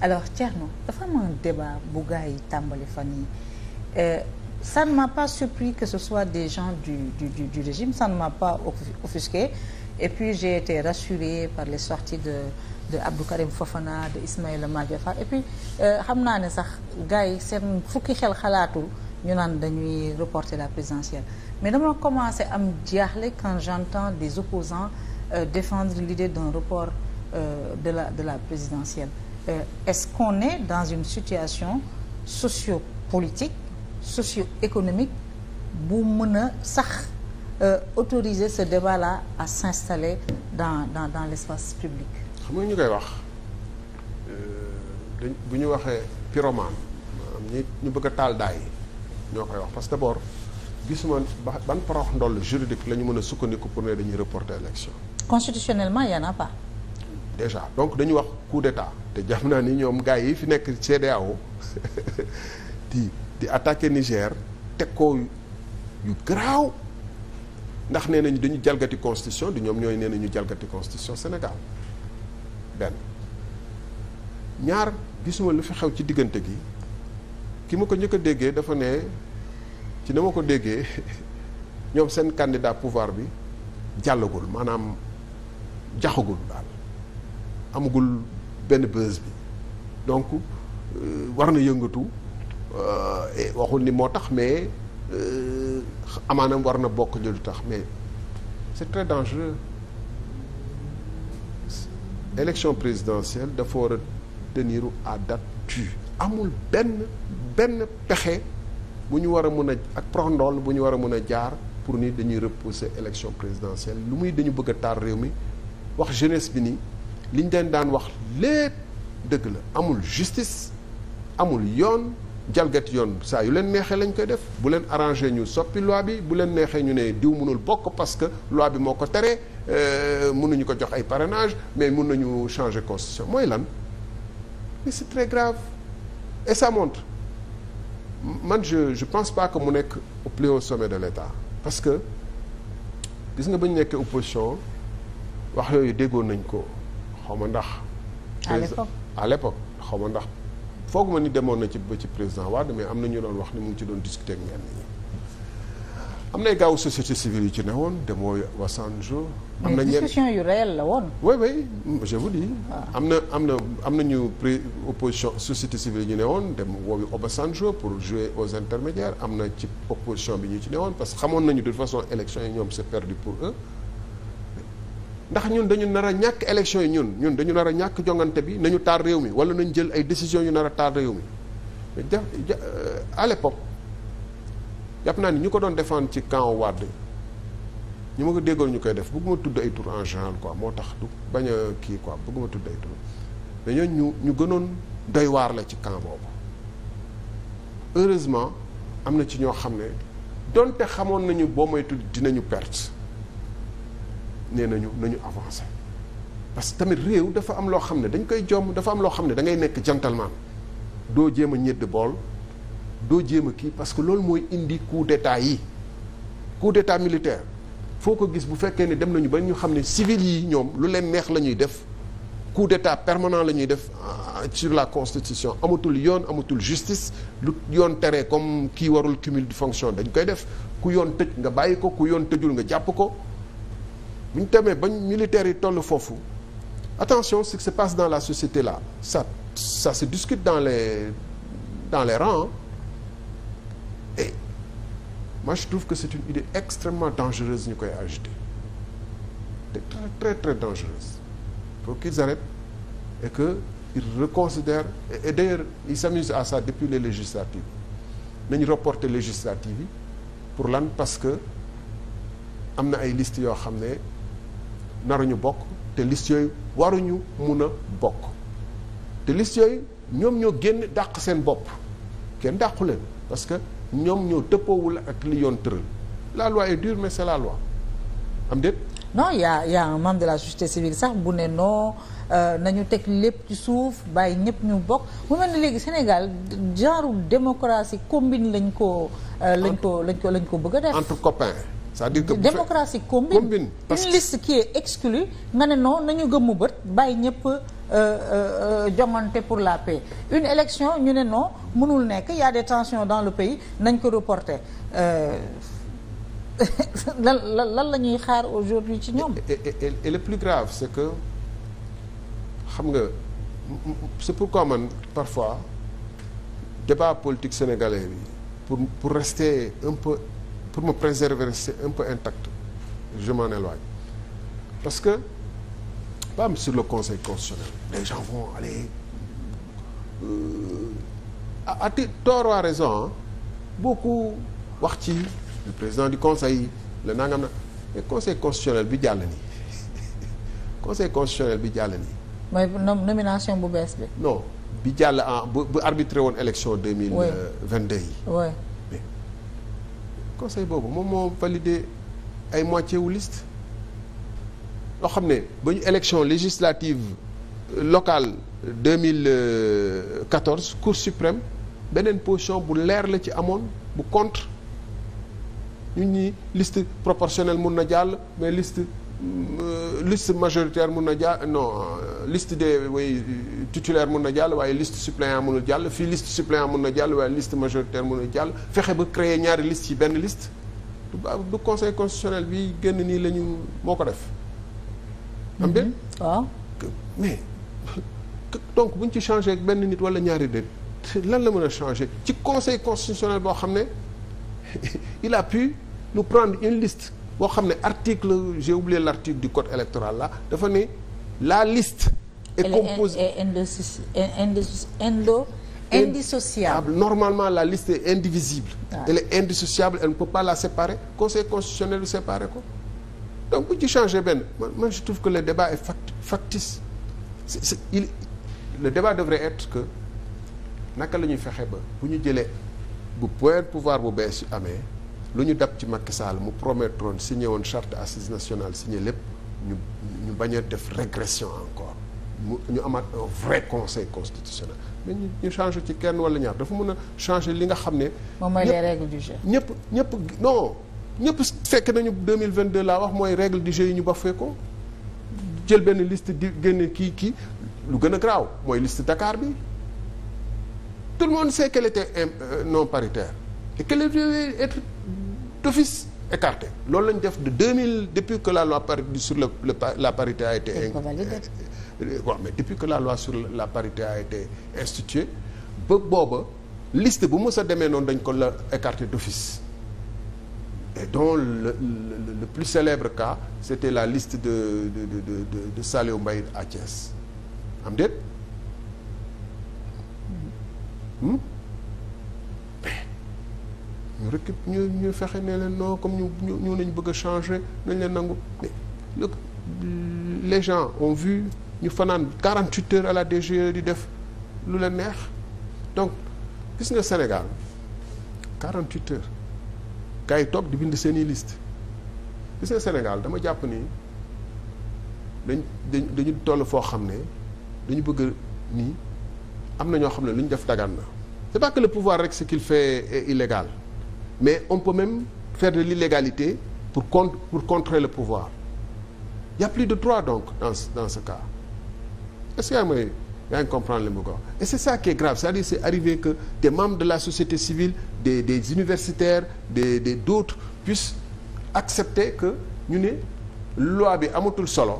alors Thierno dafa am bu gars yi tàmbali fan yi euh, ça ne m'a pas surpris que ce soit des gens du du du, du régime ça ne m'a pas offusqué et puis j'ai été rassuré par les sorties de de Abdou Karim Fofana de Ismaïla Madior Fall et puis euh, xam naa ne sax gars yi seen fukki xel xalaatul ñu naan dañuy reporter la présidentielle mais dama commencé am jaaxle quand j'entends des opposants euh, défendre l'idée d'un report euh, de la de la présidentielle Euh, est-ce qu'on est dans une situation socio-politique socio-économique bu mën a sax euh, autoriser ce débat-là à s'installer dans dans dans l'espace public. xam nga ñu koy wax euh, dañ bu ñu waxee pyromane maanaam ñu bëgga a taal daay ñoo koy wax parce que d'abord gisuma ban porox ndoll juridique la ñu mën a sukkandiku pour ne dañuy reporter élection. constitutionnellement il y en déjà donc dañu wax coup d'état te jàpp naa ni ñoom gars yi fi nekk aw di di attaquer Niger teg ko yu garaaw ndax nee nañu dañu jalgati constitution di ñoom ñooy nee nañu jalgati constitution Sénégal benn ñaar gisuma lu fi xew ci diggante gi ki ma ko njëkk a déggee dafa ne ci na ma ko déggee ñoom seen candidat pouvoir bi jàllagul maanaam jaxagul daal amagul benn buzz bi donc euh, war na yëngatu euh, waxul ni moo tax mais euh, amaanam war na bokk ñu lu tax mais c'est très dangereux élection présidentielle dafa war a tenir à date amul benn benn pexe bu ñu war a mën a ak prondool bu ñu war a mën a jaar pour ni dañuy repousser élection présidentielle lu muy dañu bëgg a taar réew mi wax jeunesse bi nii li ñu leen daan wax lépp dëgg la amul justice amul yoon jalgati yoon saa yu leen neexee lañ koy def bu leen arrangé ñu soppi loi bi bu leen neexee ñu ne diw mënul bokk parce que loi bi moo ko tere euh, mënuñu ko jox ay parrainage mais mën nañu changer constitution mooy lan mais c'est très grave et ça montre man je je pense pas que mu nekk au plus haut sommet de l'État parce que gis nga ba ñu nekkee opposition wax yooyu déggoon nañ ko xaw ndax. à l'époque à xaw ma ndax foog ma ni demoon na ci ba ci président Wade mais am na ñu doon wax ni mu ngi ci doon discuter ak ñenn am nay gaaw société civile yu ci ne woon demoo Wassanjo. am na ñenn ah. am na am na am nañu pré opposition société civile yi ñu ne woon dem woowi Obasanjo pour jouer aux intermédiaires am na ci opposition bi ñu ci ne woon parce que xamoon nañu de toute façon élection yi ñoom c'est perdu pour eux. ndax ñun dañu nar ñàkk élection yi ñun ñun dañu nar a ñàkk jongante bi nañu taal réew mi wala nañ jël ay décisions yu nara a taal réew mi def ja euh, à l'époque jàpp naa ni ñu ko doon défendre ci camp Wade ñu ma ko déggoon ñu koy def bëgguma tudd ay tour en général moo tax du bañ a kii quoi bëgguma tudd ay tour dañoo ñu ñu gënoon doy waar la ci camp boobu heureusement am na ci ñoo xam ne donte xamoon nañu boo moytu dinañu perte. nee ñu nañu avancer parce que tamit réew dafa am loo xam ne dañ koy jomm dafa am loo xam ne da ngay nekk gentleman doo jéem a ñedd bool doo jéem a kii parce que loolu mooy indi coup d'état yi coup d'état militaire foo ko gis bu fekkee ne dem nañu ba ñu xam ne civil yi ñoom lu leen neex la ñuy def coup d'état permanent la ñuy def ah, sur la constitution amatul yoon amatul justice lu yoon tere comme kii warul cumul de fonction dañ koy def ku yoon tëj nga bàyyi ko yoon tëjul nga jàpp ko bu ñu demee ba militaires yi toll foofu attention ce qui se passe dans la société là sa ça se discute dans les dans les rangs et moi je trouve que c'est une idée extrêmement dangereuse ñu koy agiter très très très dangereuse faut qu'ils arrêtent et que ils reconsidèrent et, et d'ailleurs ils s'amusent à ça depuis les législatives nañu reporter législatives yi pour lan parce que am na ay listes yoo xam ne naru ñu bokk te liste yooyu waruñu mun a bokk te liste yooyu ñoom ñoo génn dàq seen bopp kenn dàqu leen parce que ñoom ñoo dëppoowul ak li yoon tëral la loi est dure mais c'est la loi am déet non y a y de la société civile sax bu ne non euh, nañu teg lépp ci suuf bàyyi ñëpp ñu bokk mu mel ne léegi Sénégal genre démocratie combine lañ ko euh, lañ ko lañ ko lañ ko bëgg a def entre copains c'est-à-dire combine parce que une liste qui est exclue nga ne non nañu gëmmu bët bàyyi ñëpp euh, euh, euh, jongante pour la paix une élection ñu ne non mënul nekk y a des dans le pays nañ ko reporter lan lan lan la ñuy xaar aujourd'hui ci ñoom et le plus grave c'est que xam nga c'est pourquoi man parfois débat politique sénégalais bi pour pour rester un peu pour me préserver rester un peu intact je m'en parce que pas sur le conseil constitutionnel les gens vont aller euh, à à tort ou wax ci le président du conseil le nangam na mais conseil constitutionnel bi jàll nii conseil constitutionnel bi jàll nii. mooy nomination bu bees bi. non bi jàll en bu arbitre woon élection deux mille vingt deux yi. conseil boobu moom moo validé ay moitié wu loo xam ne ba ñu élection législative locale 2014 cour suprême beneen position bu leer la ci amoon bu contre ñu ñi liste proportionnelle mun na jàll mais list Euh, liste majoritaire mun na jàll non euh, liste des way titulaire mun na jàll waaye liste suppléant munul jàll fii list suppléant mun na jàll waaye liste majoritaire munul jàll fexe ba créer ñaari liste ci benn liste du conseil constitutionnel bi génn nii la ñu moo ko def am mhm. déet waaw ah. mais donc bu ñu ci changé ak benn nit wala ñaari déet lan la mën a changé ci conseil constitutionnel boo xam ne il a pu nous prendre une liste boo xam ne article j'ai oublié l'article du code électoral la dafa ne la liste est composée indissociable normalement la liste est indivisible ah. elle est indissociable elle ne peut pas la séparer conseil constitutionnel séparé ko donc bu ci changé benn man je trouve que le débat est factice c'est, débat devrait être que naka la ñuy fexe ba bu ñu jëlee bu point pouvoir bu bees yu amee lu ñu dab ci Macky Sall mu promettroon signé woon charte assise nationale signé lépp ñu ñu bañ a def régression encore mu ñu amaat un vrai conseil constitutionnel mais ñu ñu changé ci kenn wala ñaar dafa mën a changé li nga xam ne. moom mooy les règles du jeu. ñëpp ñëpp non ñëpp fekk nañu 2022 laa wax mooy règle du jeu yi ñu bafee ko jël benn liste di génne kii kii lu gën a graaw mooy liste dakaar bi tout le monde sait qu'elle était euh, non paritaire et d'office écarté loolu lañ def de 2000 depuis que la le, le la parité a été in... Euh, bon, mais depuis que la loi sur la parité a été booba liste bu mës a demee noonu dañ ko la écarté d'office et dont le, le, le plus célèbre cas c'était la liste de de de de de Saliou Mbaye à am déet hmm? ñu ñu ñu fexe ne leen non comme ñu ñu ñu nañ bëgg a changer leen nangu mais le les gens vu ñu fanaan 48 heures à la DGE di def lu leen neex donc gis nga Sénégal 48 heures gars yi toog di bind seen i liste gis nga Sénégal dama jàpp ni dañ dañu toll foo xam ne dañu bëgg nii am na ñoo xam ne lu ñu def dagan na c'est pas que le pouvoir rek ce qu'il fait est illégal mais on peut même faire de l'illégalité pour contre pour contrer le pouvoir il plus de trois donc dans dans ce cas est-ce que yaa may yaa ngi comprendre li mu ko et c'est ça qui est grave c'est-à-dire c'est arrivé que des membres de la société civile des des universitaires des des d'autres puissent accepter que ñu ne loi bi amatul solo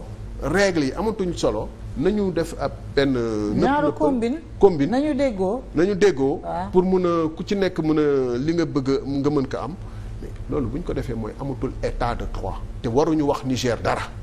règles yi amatuñ solo nañu def ab benn. ñaaru combine combine nañu déggoo. nañu déggoo. Ah. pour mun a ku ci nekk mun a li nga bëgg nga mën ko am. loolu bu ñu ko defee mooy amatul état de droit. te waruñu wax Niger dara.